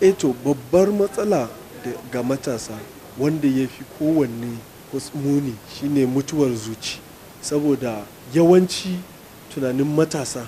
Eto eh babbar matsala ga matasa wanda ya fi kowanne muni shine mutuwar zuci. Saboda yawanci tunanin matasa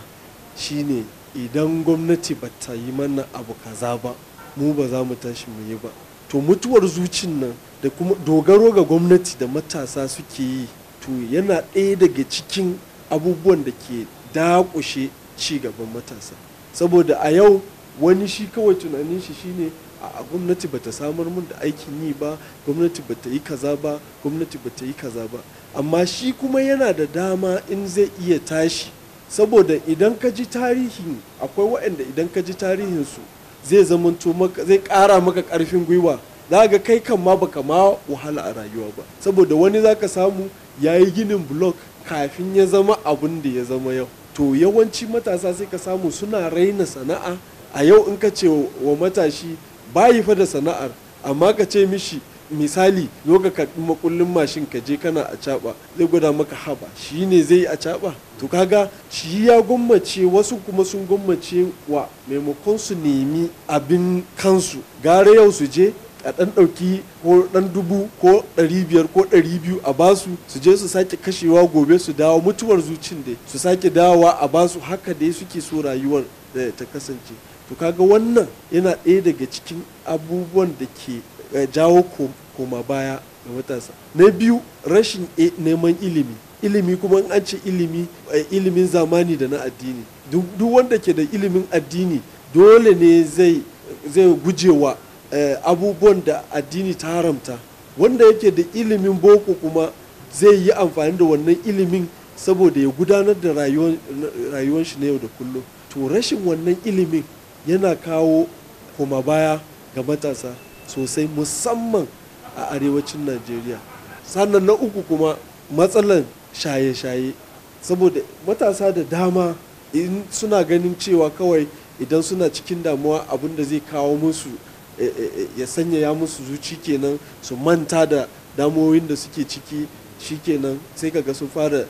shine idan gwamnati ba ta yi mana abu kaza ba, mu ba za mu tashi mu yi ba. To mutuwar zucin nan da kuma dogaro ga gwamnati da matasa suke yi to yana ɗaya daga cikin abubuwan da ke daƙushe ci gaban matasa. Saboda a yau wani shi kawai tunanin shi shine a gwamnati bata samar mun da aikin yi ba gwamnati bata yi kaza ba gwamnati bata yi kaza ba amma shi kuma yana da dama in zai iya tashi saboda idan ka ji tarihin akwai waɗanda idan ka ji tarihinsu zai zamanto maka zai ƙara maka karfin gwiwa za ga kai kan ma baka ma wahala a rayuwa ba saboda wani zaka samu ya yi ginin blok kafin ya zama abun da ya zama yau to yawanci matasa sai ka samu suna raina sana'a a yau in ka ce wa matashi bayi fa da sana'ar amma ka ce mishi misali zo ka karɓi makullin mashin ka je kana a caɓa zai gwada maka haba shi ne zai yi a caɓa to kaga shi ya gwammace wasu kuma sun gwammace wa maimakon su nemi abin kansu gara yau su je a ɗan ɗauki ko ɗan dubu ko ɗari biyar ko ɗari biyu a basu su je su sake kashewa gobe su dawo mutuwar zucin dai su sake dawowa a basu haka dai suke so rayuwar da ta kasance to kaga wannan yana ɗaya daga cikin abubuwan da ke eh, jawo koma baya ga matasa na biyu rashin eh, neman ilimi ilimi kuma an ce ilimi eh, ilimin zamani da na addini duk wanda ke da ilimin addini dole ne zai gujewa Eh, abubuwan da addini ta haramta wanda yake da ilimin boko kuma zai yi amfani da wannan ilimin saboda ya gudanar da rayuwar shi na yau da kullum to rashin wannan ilimin yana kawo kuma baya ga matasa sosai musamman a arewacin najeriya sannan na uku kuma matsalan shaye-shaye saboda matasa da dama in suna ganin cewa kawai idan suna cikin damuwa abin da zai kawo musu Eh, eh, eh, ya sanya ya musu zuci kenan su manta da damoyin da suke ciki shi kenan sai kaga sun fara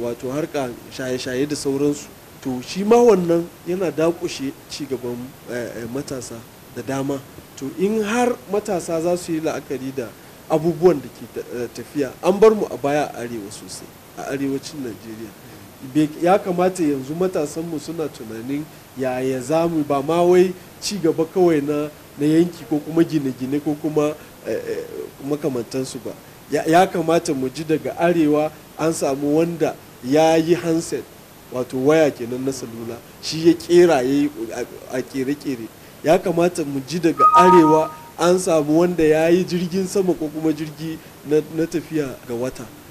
wato harka shaye-shaye da sauransu to shi ma wannan yana dakushe cigaban matasa da dama to in har matasa za su yi la'akari da abubuwan da ke tafiya an bar mu a baya a arewa sosai a arewacin najeriya ya kamata yanzu matasanmu suna tunanin yaya za mu ba ma wai ci gaba kawai na na yanki ko kuma gine-gine ko kuma eh, eh, makamantansu ba ya kamata mu ji daga arewa an samu wanda ya yi handset wato waya kenan na salula shi ya kera ya yi a kere-kere ya kamata mu ji daga arewa an samu wanda ya yi jirgin sama ko kuma jirgi na tafiya ga wata